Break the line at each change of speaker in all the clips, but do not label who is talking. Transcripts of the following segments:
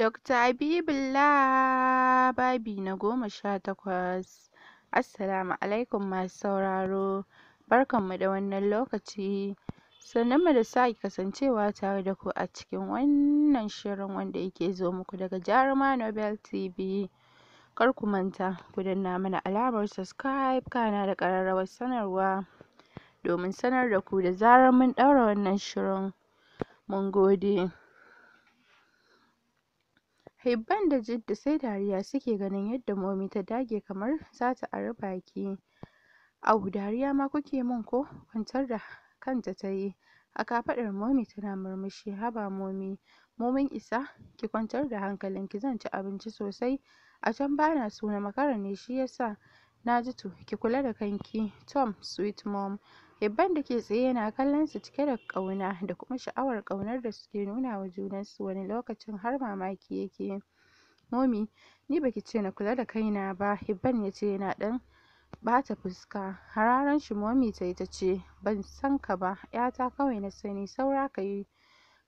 Dr. Habibullah babi na goma sha takwas. Assalamu alaikum masu sauraro, barkanmu da wannan lokaci, sannunmu da sake kasancewa tare da ku a cikin wannan shirin wanda yake zo muku daga Jaruma Nobel TV. Kar ku manta, ku danna mana alamar subscribe kana da ƙararrawar sanarwa domin sanar da ku da zarar mun ɗaura wannan shirin. Mun gode. Hibban da Jidda sai dariya suke ganin yadda Momi ta dage kamar za ta ari baki abu dariya ma kuke mun ko?” kwantar da kanta tayi a kafaɗar Momi tana murmushi “Haba Momi, momin isa, ki kwantar da hankalinki zan ci abinci sosai a can bana so na makara ne shi yasa, na ji to ki kula da kanki Tom sweet mom.” hibban da ke tsaye yana kallon su cike da ƙauna da kuma sha'awar ƙaunar da suke nuna wa junansu wani lokacin har mamaki yake yi. momi ni baki ce na kula da kaina ba, Hibban ya ce yana ɗan bata fuska. Hararan shi momi ta yi ta ce, ban san ka ba, ‘yata kawai na sani, saura ka yi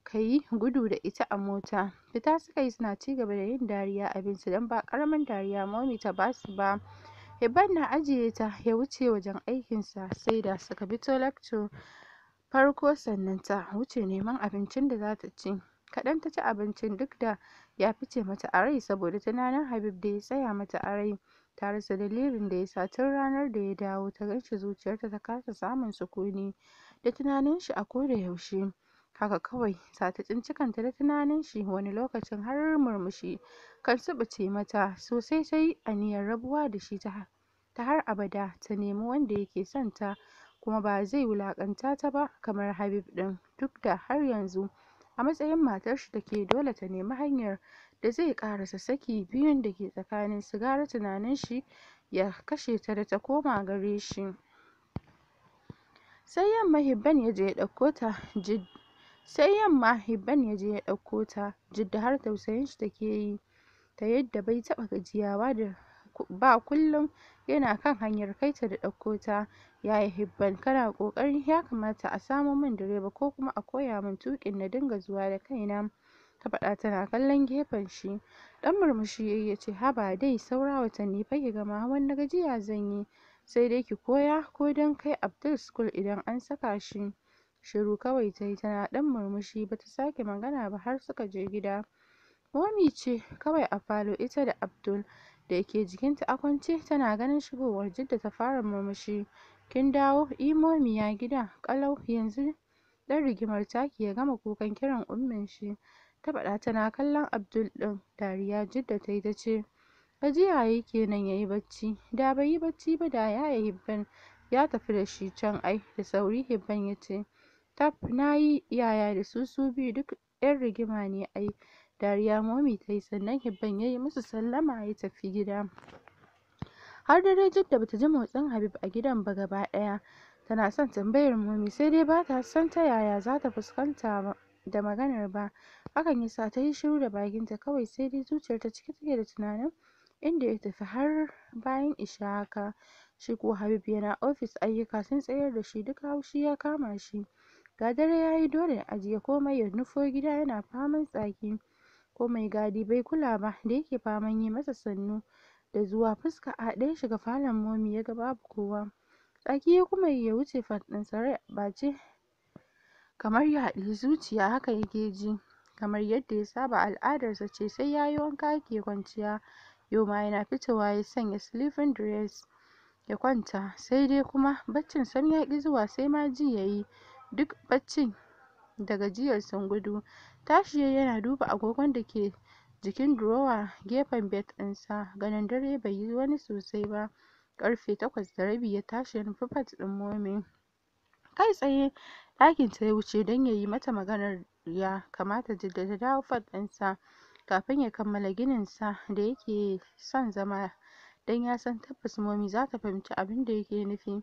ka gudu da ita a mota. Fita suka yi suna ci gaba da yin dariya abinsu don ba ƙaramin dariya momi ta basu ba. Hibban na ajiye ta ya wuce wajen aikinsa sai da suka bi ta farko sannan ta wuce neman abincin da zata ci. Kaɗan ta ci abincin duk da ya fice mata a rai saboda tunanin Habib da ya tsaya mata a rai, ta rasa dalilin da ya sa tun ranar da ya dawo ta ganshi zuciyarta ta kasa samun sukuni da tunanin shi a koda yaushe. Haka kawai za ta tsinci kanta da tunanin shi, wani lokacin har murmushi kan suɓuce mata, sosai sai ta yi aniyar rabuwa da shi ta har abada, ta nemi wanda yake son ta kuma ba zai wulaƙanta ta ba kamar Habib ɗin, duk da har yanzu a matsayin matar shi take dole ta nemi hanyar da zai ƙarasa saki biyun da ke tsakanin su, gara tunanin shi ya kashe ta da ta koma gare shi. Sai yamma Hibban ya je ya ɗauko ta Sai yamma Hibban ya je ya ɗauko ta, Jidda har tausayin shi take yi ta yadda bai taɓa gajiyawa ba kullum yana kan hanyar kai ta da ɗauko ta. "Yaya Hibban kana ƙoƙari, ya kamata a samo min direba ko kuma a koya min tuƙin na dinga zuwa da kaina," ta faɗa tana kallon gefen shi. Ɗan murmushi ya yi "Haba dai saura watanni fa ki gama, hawan gajiya zan yi, sai dai ki koya ko don kai Abdul school idan an saka shi." Shiru kawai tayi tana ɗan murmushi bata sake magana ba har suka je gida. Momi ce kawai a falo ita da Abdul da ke jikinta a kwance tana ganin shigowar Jidda ta fara murmushi. Kin dawo? eh Momi ya gida? kalau Yanzu dan rigimar taki ya gama kukan kiran ummin shi. Ta fada tana kallon Abdul ɗin. Dariya Jidda tayi tace ta ce, Gajiya yayi kenan yayi bacci. Da bai yi bacci ba da yaya hibban ya tafi da shi can ai. Da sauri hibban yace Tab nayi yaya da su, su biyu duk 'yan rigima ne ai, dariya Momi tayi sannan Hibban yayi musu sallama ya tafi gida. Har dare da bata ji motsin Habib a gidan ba gaba ɗaya, tana son tambayar Momi sai dai bata san ta yaya zata fuskanta da maganar ba, hakan yasa yi shiru da bakinta kawai sai dai zuciyar ta cike take da tunanin inda ya tafi har bayan isha haka. Shi ko Habib yana ofis ayyuka sun tsayar da shi duk haushi ya kama shi. ga dare yayi dole a ajiye komai ya nufo gida yana faman tsaki ko mai gadi bai kula ba da yake faman yi masa sannu da zuwa fuska a ɗaya shiga falon momi yaga babu kowa. Tsaki ya kuma ya wuce faɗin ɗinsa rai ce. kamar ya haɗe zuciya haka yake ji kamar yadda ya saba al'adarsa ce sai ya yi wanka yake kwanciya yau ma yana fitowa ya sanya silifin dress ya kwanta sai dai kuma baccin sam ƙi zuwa sai ma ji ya yi. duk baccin da gajiyar sun gudu, tashi yayi yana duba agogon da ke jikin durowa gefen bed ɗinsa, ganin dare bai yi wani sosai ba, karfe takwas da rabi ya tashi ya nufi fat ɗin Momi, kai tsaye ɗakinta ya wuce don yayi mata maganar ya kamata da ta dawo fat ɗinsa kafin ya kammala sa da yake son zama don yasan tabbas Momi zata fahimci abin da yake nufi.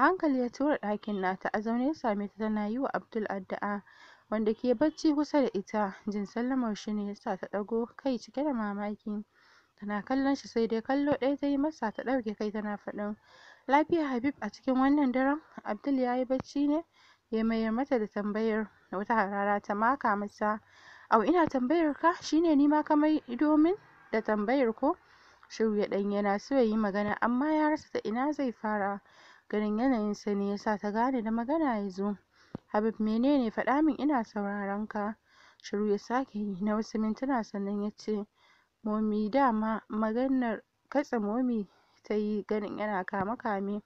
A hankali ya tura ɗakin nata, a zaune ya same ta tana yi wa Abdul addu'a, wanda ke bacci kusa da ita. Jin sallamar shi ne ya ta ɗago kai cike da mamaki. Tana kallon shi sai dai kallo ɗaya ta yi masa ta ɗauke kai tana faɗin lafiya Habib a cikin wannan daren? Abdul ya yi bacci ne? Ya mayar mata da tambayar. Wata harara ta maka masa. Au ina tambayar ka? Shi ne ni ma domin da tambayar ko? Shiru ya ɗan yana so ya yi magana amma ya rasa ta ina zai fara. ganin yanayin sanyi ya yasa ta gane da magana ya zo Habib menene faɗa min ina sauraron ka shiru ya sake yi na wasu mintuna sannan ya ce momi dama maganar katse momi ta yi ganin yana kame kame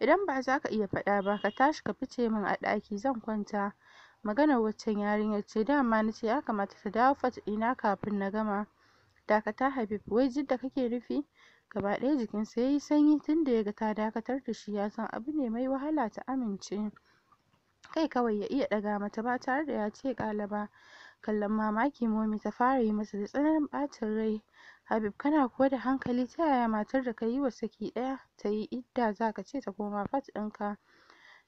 idan ba za ka iya faɗa ba ka tashi ka fice min a ɗaki zan kwanta maganar waccan yarinyar ce dama na ce ya kamata ta dawo fat ɗina kafin na gama dakata Habib wai Jidda kake nufi Gaba ɗaya jikinsa ya yi sanyi tunda ya ga ta dakatar da shi, yasan abu ne mai wahala ta amince. Kai kawai ya iya ɗaga mata ba tare da ya ce ƙala ba. Kallon mamaki Momi ta fara yi masa da tsananin ɓacin rai. Habib kana kuwa da hankali ta yaya matar da ka yi wa saki ɗaya ta yi idda za ka ce ta koma fat ɗinka.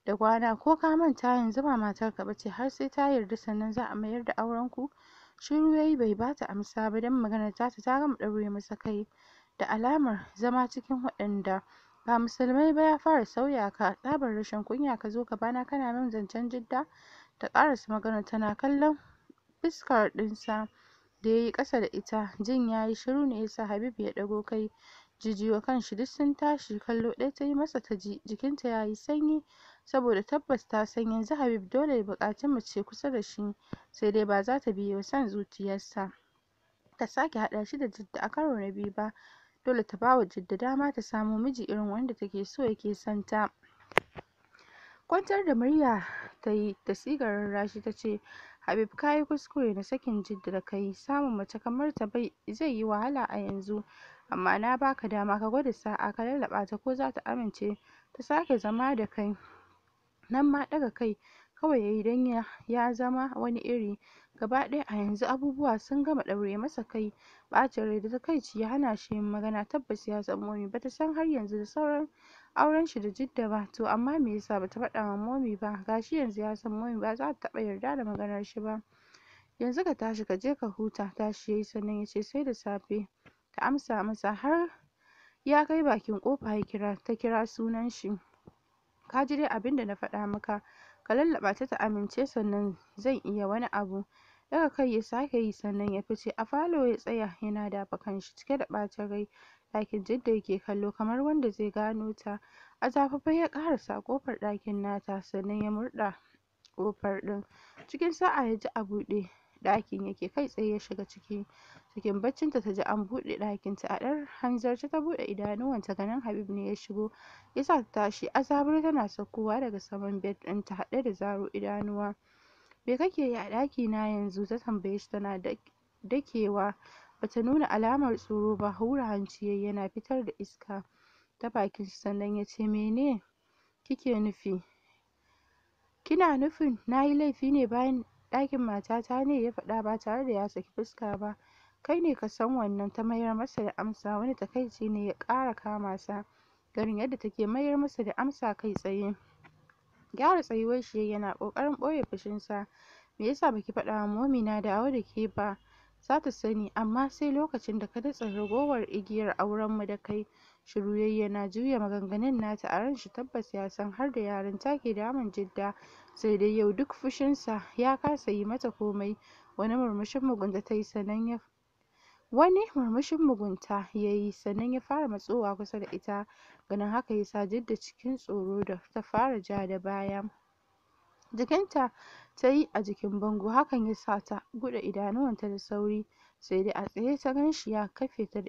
Da kwana ko ka manta yanzu ba matar ka bace har sai ta yarda sannan za a mayar da auren ku Shiru yayi bai bata amsa ba don maganar tasa ta gama ɗaure masa kai. da alamar zama cikin waɗanda ba musulmai ba ya fara sauya ka, tsabar rashin kunya ka zo ka bana kana min zancen Jidda, ta karasa maganar tana kallon fuskar ɗinsa da yayi ƙasa da ita, jin yayi shiru ne yasa habib ya ɗago kai, jijiyo shi duk sun tashi, kallo ɗaya ta yi masa ji jikinta yayi sanyi saboda tabbas ta san yanzu Habib dole ya buƙaci mace kusa da shi, sai dai ba za ta biyo son zuciyarsa ta sake haɗa shi da Jidda a karo na biyu ba. dole ta bawa Jidda dama ta samo miji irin wanda take so yake son ta kwantar da murya tayi da sigar rarrashi tace Habib kayi kuskure na sakin Jidda da kayi samun mace kamar ta bai zai yi wahala a yanzu amma na baka dama ka gwada sa'a ka lallaɓa ta ko za ta amince ta sake zama da kai nan ma ɗaga kai kawai yayi dan ya zama wani iri Gaba ɗaya a yanzu abubuwa sun gama ɗaure masa kai, ɓacin rai da takaici ya hana shi yin magana, tabbas ya san Momi bata san har yanzu da sauran auren shi da Jidda ba, to amma me yasa bata faɗa wa momi ba, gashi yanzu ya san Momi ba zata taɓa yarda da maganar shi ba. Yanzu ka tashi kaje ka huta, tashi yayi sannan yace sai da safe. Ta amsa masa har ya kai bakin kofa ya kira ta kira sunan shi. Ka ji dai abinda na faɗa maka, ka lallaɓa ta ta amince sannan zan iya wani abu. Daga kai ya sake yi sannan ya fice. A falo ya tsaya, yana dafa shi cike da ɓacin rai. Ɗakin Jidda yake kallo kamar wanda zai gano ta. A zafafe ya ƙarasa ƙofar ɗakin nata, sannan ya murɗa ƙofar ɗin. Cikin sa'a ya ji a buɗe ɗakin yake, kai tsaye ya shiga ciki. Cikin baccinta ta ji an buɗe ɗakinta. A ɗan hanzarce ta buɗe idanuwanta, ganin Habib ne ya shigo. Ya sa ta tashi, a tana saukowa daga saman bed ta haɗe da zaro idanuwa. "Me kake yi a ɗaki na yanzu?" ta tambaye shi tana dakewa, bata nuna alamar tsoro ba, hura hanci yayi yana fitar da iska ta bakin shi sannan ya "Mene kike nufi? Kina nufin nayi laifi ne bayan ɗakin matata ne?" ya faɗa ba tare da ya saki fuska ba. "Kai ne kasan san wannan," ta mayar masa da amsa. Wani takaici ne ya ƙara kama sa, ganin yadda take mayar masa da amsa kai tsaye. Gyara tsayuwar shi yayi yana ƙoƙarin ɓoye fushinsa. “Me yasa baki faɗa wa Momina da ke ba? Zata sani, amma sai lokacin da ka datse ragowar igiyar auren mu da kai.” Shiru yayi juya maganganun nata a ran shi tabbas ya san har da ta ke damun Jidda, sai dai yau duk fushinsa ya kasa yi mata komai. Wani murmushin mugunta tayi sannan ya Wani murmushin mugunta ya sannan ya fara matsowa kusa da ita. ganin haka ya yasa da cikin tsoro da ta fara ja da baya jikinta ta yi a jikin bango hakan ya sa ta buɗe idanuwanta da sauri sai dai a tsaye ta ganshi ya kafe ta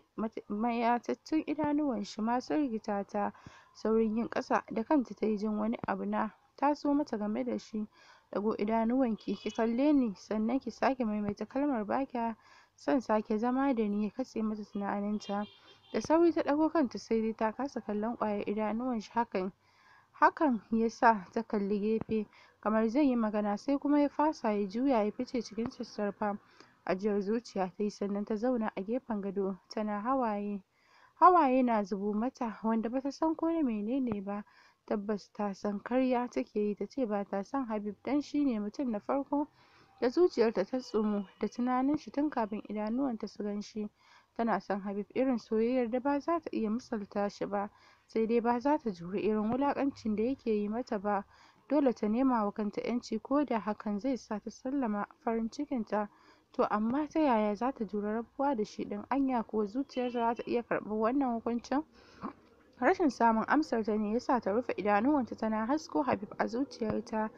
mayatattun idanuwan shi ma sun rikita ta saurin yin ƙasa da kanta ta yi jin wani abu na taso mata game da shi ɗago idanuwanki ki kalle ni sannan ki sake maimaita kalmar ba kya son sake zama da ni ya katse mata tunaninta Da sauri ta ɗago kanta sai dai ta kasa kallon ƙwayar idanuwan shi hakan ya sa ta kalli gefe kamar zai yi magana sai kuma ya fasa ya juya ya fice cikin sassarfa. Ajiyar zuciya ta yi sannan ta zauna a gefen gado tana hawaye. Hawaye na zubo mata wanda bata san ko na menene ba. Tabbas ta san ƙarya take yi tace bata san Habib dan ne mutum na farko da zuciyarta ta tsumu da tunanin shi tun kafin idanuwanta su ganshi. tana son Habib irin soyayyar da ba za ta iya misalta shi ba, sai dai ba za ta juri irin wulakancin da yake yi mata ba. Dole ta nema wa kanta ‘yanci ko da hakan zai sa ta sallama farin cikinta. To amma ta yaya za ta juri rabuwa da shi din Anya kuwa zuciyarta za ta iya karɓar wannan hukuncin? Rashin samun ta ne ya sa ta rufe idanuwanta tana hasko Habib a zuciyarta.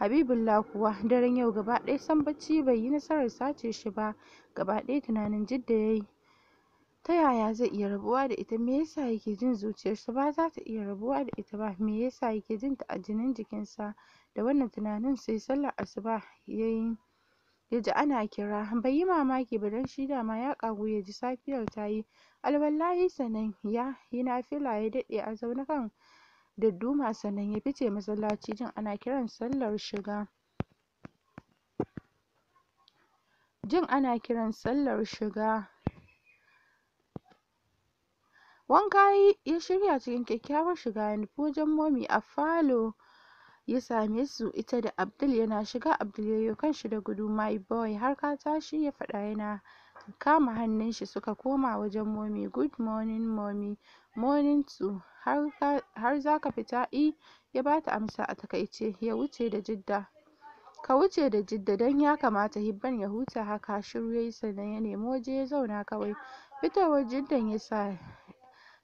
Habibullah kuwa daren yau gaba ɗaya sam bacci bai yi nasarar sace shi ba, gaba ɗaya tunanin Jidda ya yi. Ta yaya zai iya rabuwa da ita, me yasa yake jin zuciyarsa ba za ta iya rabuwa da ita ba, me yasa yake jinta a jinin sa Da wannan tunanin sai sallar asuba yayi ya ji ana kira. Bai yi mamaki ba don shi dama ya ƙagu ya ji safiyar ta yi. Alwala sannan ya yi nafila ya daɗe a zaune kan dadduma sannan ya fice masallaci jin ana kiran sallar shiga. Jin ana kiran sallar shiga. Wanka ya shirya cikin kyakkyawar shiga ya nufi wajen momi a falo ya same su ita da Abdul yana shiga Abdul yayyo kanshi da gudu "My boy har ka tashi?" ya fada yana kama hannun shi suka koma wajen momi "Good morning momi "Morning to har zaka fita?" "Eh," ya bata amsa a takaice, "Ka wuce da Jidda don ya kamata Hibban ya huta haka." Shiru yayi sannan ya nemi waje ya zauna kawai. Fitowar Jiddan ya sa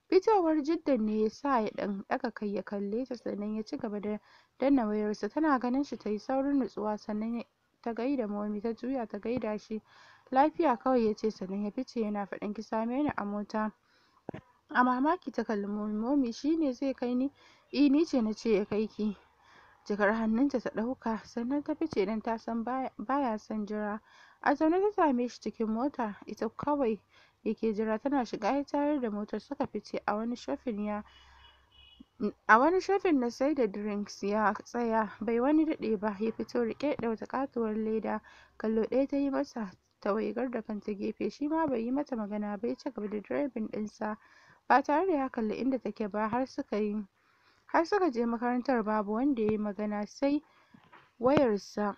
Fitowar Jiddan ne ya sa ya ɗan ɗaga kai ya kalle ta sannan ya ci gaba da danna wayarsa, tana ganin shi ta yi saurin nutsuwa sannan ta gaida Momi, ta juya ta gaida shi lafiya kawai ya ce sannan ya fice yana faɗin ki same ni a mota. A mamaki ta kalli Momi, Momi shi zai kai ni? Eh ni ce na ce ya kai ki. Jakar hannunta ta ɗauka sannan ta fice don ta san baya ya son jira. A zaune ta same shi cikin mota, ita kawai ke jira tana shiga ya tayar da motar suka fice a wani shafin ya a wani shafin na sai da drinks ya tsaya bai wani daɗe ba ya fito rike da wata katuwar leda kallo daya ta yi masa ta waigar da kanta gefe shi ma bai yi mata magana ba ya ci gaba da direbin ɗinsa ba tare da ya kalli inda take ba har suka yi har suka je makarantar babu wanda ya yi magana sai wayarsa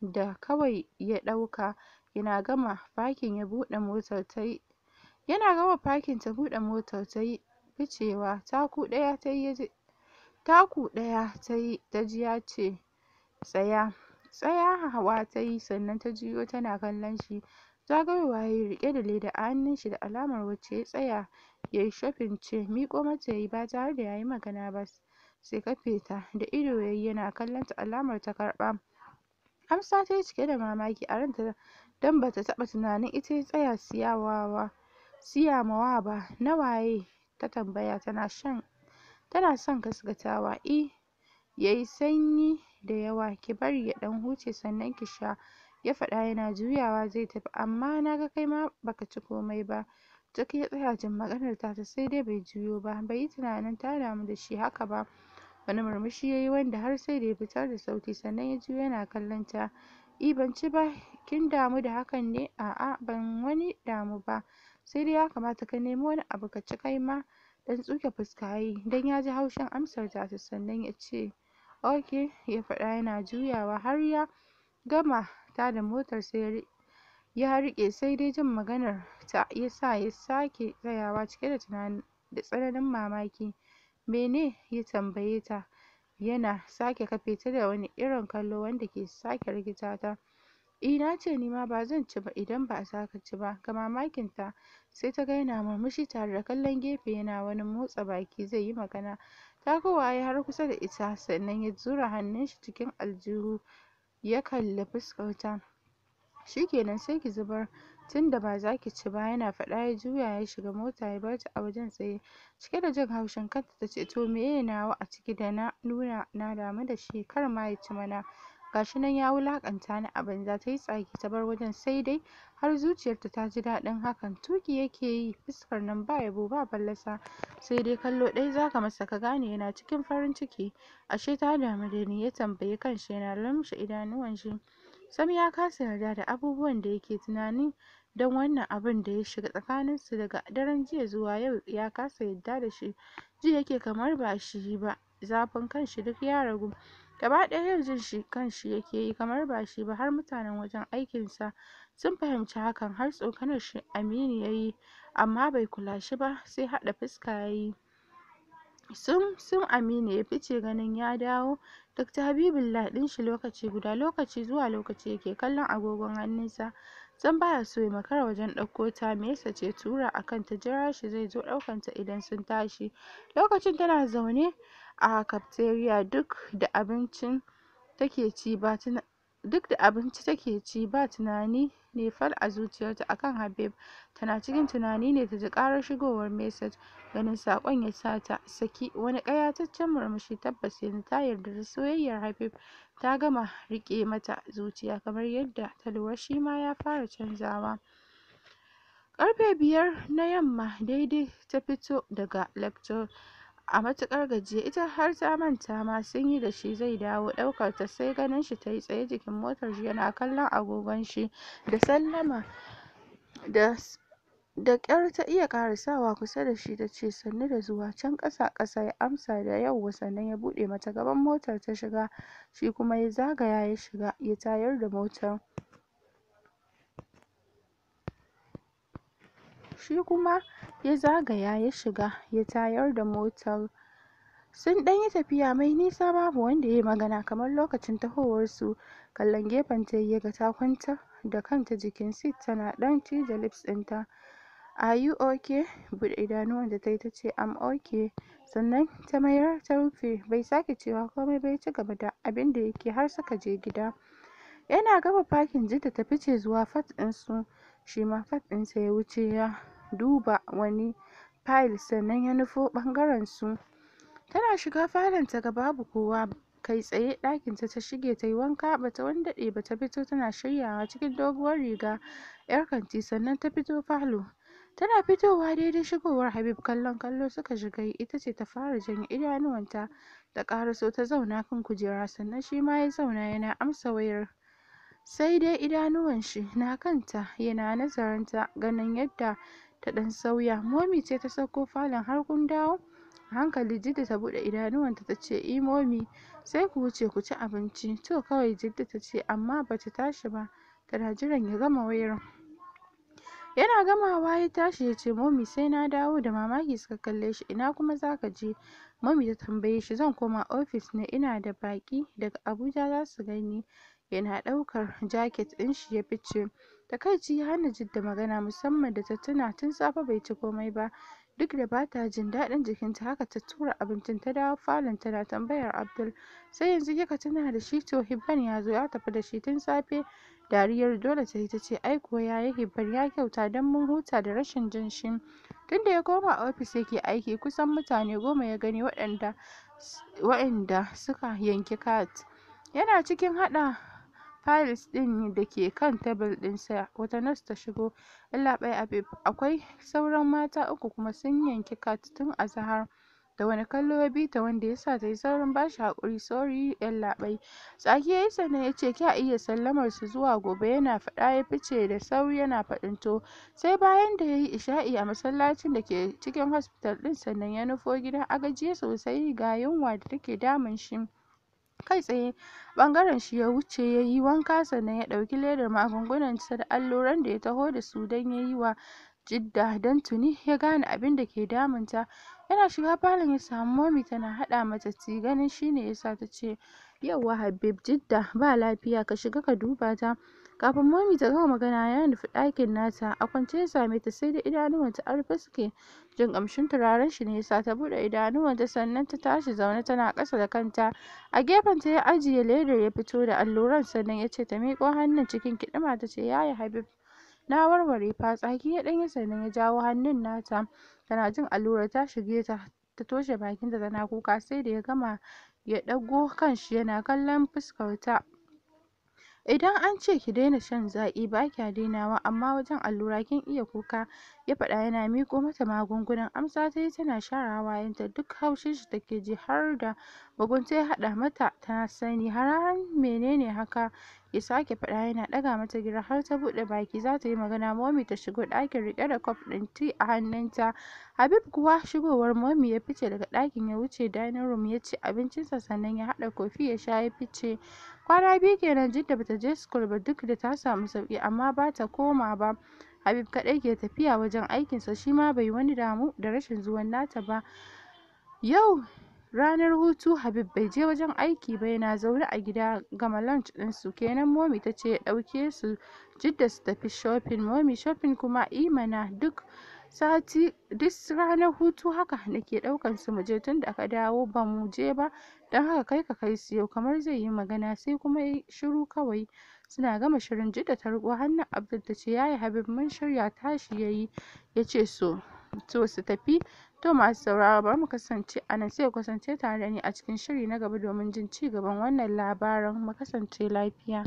da kawai ya dauka yana gama fakin ya bude motar ta Yana gama fakin ta buɗe motar tayi ficewa, taku daya tayi taji ya ce "tsaya" hawa tayi sannan ta juyo tana kallon shi, wa yayi rike da leda a hannun shi da alamar wacce ya tsaya yayi shopping ce miko mata yayi ba tare da yayi magana ba sai kafe ta da ido yayi yana kallon ta alamar ta karɓa, amsa tayi cike da mamaki a ranta dan bata taba tunanin ita ya tsaya siyawa ba. Siya ba? na waye? ta tambaya, tana son gaskatawa. "Eh, yayi sanyi da yawa, ki bari ya dan huce sannan ki sha," ya faɗa yana juyawa zai tafi. "Amma naga ma baka ci komai ba." duk ya tsaya jin maganar ta sai dai bai juyo ba, bai yi tunanin ta damu da shi haka ba. Wani murmushi yayi wanda har sai da ya fitar da sauti, sannan ya juyo yana kallon ta. "Eh, ban ci ba. Kin damu da hakan ne?" "A'a, ban wani damu ba." sai dai ya kamata ka nemi wani abu ka ci kai ma ɗan tsuke fuska yayi ya ji haushin amsar ta sannan ce ok ya fada yana juyawa har ya gama tada motar sai ya rike sai dai jin maganar ta yasa ya sake tsayawa cike da tunani da tsananin mamaki mene ya tambaye ta yana sake kafe ta da wani irin kallo wanda ke sake rikita ta Eh nace nima zan ci ba idan ba a saka ci ba, ga mamakin ta sai ta ga yana murmushi tare da kallon gefe yana wani motsa baki zai yi magana. ta yayi har kusa da ita sannan ya zura hannun shi cikin aljihu ya kalli fuskar ta. "Shikenan sai ki zubar tunda ki ci ba" yana faɗa ya juya ya shiga mota ya bar ta a wajen tsaye. Cike da jin haushin kanta ta ce "to meye nawa a ciki da na nuna na damu da shi, kar ma ya ci mana". gashi nan ya wulakanta ni a banza tayi tsaki ta bar wajen sai dai har zuciyarta ta ji daɗin hakan tuki yake yi fuskar nan ba yabo ba fallasa sai dai kallo ɗaya zaka masa ka gane yana cikin farin ciki ashe ta damu da ya tambayi kanshi yana lumshe idanuwan shi sam ya kasa yarda da abubuwan da yake tunani don wannan abun da ya shiga tsakanin su daga daren jiya zuwa yau ya kasa yarda da shi ji yake kamar ba shi ba zafin kanshi duk ya ragu Gaba ɗaya yau jin shi kanshi yake yi kamar ba shi ba, har mutanen wajen aikin sa sun fahimci hakan, har tsokanar shi Aminu ya yi amma bai kula shi ba, sai haɗa fuska ya yi Sun Aminu ya fice ganin ya dawo Dr. Habibu din shi lokaci guda, lokaci zuwa lokaci yake kallon agogon hannun sa Sun baya so ya makara wajen ɗauko ta, Me yasa ce tura a kanta ta jira shi zai zo ɗaukanta ta idan sun tashi, lokacin tana zaune a cafeteria duk da abinci take ci ba tunani ne fal a zuciyarta akan Habib, tana cikin tunani ne ta ji karar shigowar message, ganin saƙon ya sa ta saki wani kayataccen murmushi tabbas yanzu ta yarda da soyayyar Habib ta gama rike mata zuciya kamar yadda ta lura ma ya fara canzawa. Karfe biyar na yamma daidai ta fito daga lecture a matukar gajiya ita har ta manta ma sun yi da shi zai dawo daukar ta sai ganin shi tayi tsaye jikin motar shi yana kallon agogon shi da sallama da kyar ta iya sawa kusa da shi tace sannu da zuwa can ƙasa-ƙasa ya amsa da yauwa sannan ya bude mata gaban motar ta shiga shi kuma ya zagaya ya shiga ya tayar da motar shi kuma ya zagaya ya shiga ya tayar da motar sun ɗan yi tafiya mai nisa babu wanda ya yi magana kamar lokacin tahowarsu kallon gefen ta yi ga ta kwanta da kanta jikin sit tana ɗan cije lips ɗinta are you okay buɗe idanuwan da ta yi ta ce am okay sannan ta mayar ta rufe bai sake cewa komai bai ci gaba da abin da yake har suka je gida yana gaba fakin jinta ta fice zuwa fat ɗinsu shi ma fat ɗinsa ya wuce ya duba wani fayil sannan ya nufo ɓangaren su. Tana shiga falon ta ga babu kowa kai tsaye ɗakinta ta shige tayi wanka bata wani daɗe ba ta fito tana shiryawa cikin doguwar riga 'yar kanti sannan ta fito falo. Tana fitowa daidai shigowar Habib kallon kallo suka shiga yi ita ce ta fara janye idanuwanta ta karaso ta zauna kan kujera sannan shima ya zauna yana amsa wayar. Sai dai idanuwan shi na kanta yana nazarin ta ganin yadda ta ɗan sauya momi ce ta sauko falon har kun dawo a hankali jidda ta buɗe idanuwanta ta ce i eh, momi sai ku wuce ku ci abinci to kawai jidda ta ce amma bata tashi ba tana jiran ya gama wayar yana gamawa ya tashi ya ce momi sai na dawo da mamaki suka kalle shi ina kuma za ka je momi ta tambaye shi zan koma ofis ne ina da baki daga abuja zasu gani yana ɗaukar jaket ɗin shi ya fice Takaici ya hana Jidda magana musamman da ta tuna tun safe bai ci komai ba duk da ba ta jin dadin jikinta haka ta tura abincin ta dawo falon tana tambayar Abdul sai yanzu kika tuna da shi to Hibban ya zo ya tafi da shi tun safe dariyar dole ta ce ai kuwa yayi Hibban ya kyauta don mun huta da rashin jin shi tunda ya koma ofis yake aiki kusan mutane goma ya gani waɗanda waɗanda suka yanki kat yana cikin haɗa Files ɗin da ke kan din ɗinsa, wata nas ta shigo: "Yallaɓai Habib, akwai sauran mata uku kuma sun yanki Kat tun azahar, da wani kallo ya bita wanda yasa ta yi saurin bashi hakuri "Sorry yallaɓai," tsaki yayi sannan ce "kya iya sallamar su zuwa gobe" yana faɗa ya fice da sauri yana faɗin to, sai bayan da yayi isha'i a masallacin da ke cikin hospital ɗin sannan ya nufo gidan agajiya sosai ga yunwa da take damun shi. Kai tsaye bangaren shi ya wuce ya yi wanka sannan ya ɗauki ledar magungunan sa da alluran da ya taho da su don ya yi wa Jidda don tuni ya gane abin da ke damun ta yana shiga falon ya samu momi tana haɗa mata ti ganin shine ne yasa ta ce yauwa Habib Jidda ba lafiya ka shiga ka duba ta." Kafin Momi ta gama magana ya nufi ɗakin nata, a kwance ya same ta sai dai idanuwanta ta rufe suke. Jin ƙamshin turaren shi ne yasa ta buɗe idanuwanta sannan ta tashi zaune tana ƙasa da kanta. A gefenta ya ajiye ledar ya fito da alluran sannan ya ce ta miƙo hannun cikin kiɗima ta ce yaya Habib na warware fatsaki ya ɗanyi sannan ya jawo hannun nata. Tana jin allurar ta shige ta ta toshe bakinta tana kuka sai da ya gama ya ɗago kanshi yana kallon fuskar "Idan an ce ki daina shan zaki ba kya dainawa amma wajen allura kin iya kuka," ya faɗa yana miko mata magungunan, amsa ta yi tana share hawayenta, duk haushin shi take ji har da mugunta ya haɗa mata ta sani, hararan "mene ne haka?" ya sake faɗa yana ɗaga mata gira har ta buɗe baki za ta yi magana momi ta shigo ɗakin rike da kof ɗin ti a hannunta habib kuwa shigowar momi ya fice daga ɗakin ya wuce dining room ya ci abincinsa sannan ya haɗa kofi ya sha ya fice kwana biyu kenan jidda bata je school ba duk da ta samu sauki amma ba ta koma ba habib kaɗai ke tafiya wajen aikinsa shi ma bai wani damu da rashin zuwan nata ba yau Ranar hutu Habib bai je wajen aiki ba yana zaune a gida gama lunch ɗinsu kenan momi ta ce ya ɗauke su Jidda su tafi shopping momi shopping kuma I mana duk ranar hutu haka nake daukan su muje da aka dawo ba mu je ba don haka kai ka kai su yau kamar zai yi magana sai kuma yi shiru kawai suna gama shirin Jidda ta riko hannun Abdul yayi Habib mun shirya tashi yayi ce so su tafi To masu sauraro bari mu kasance a nan sai ku kasance tare da ni a cikin shiri na gaba domin jin ci gaban wannan labarin. Mu kasance lafiya.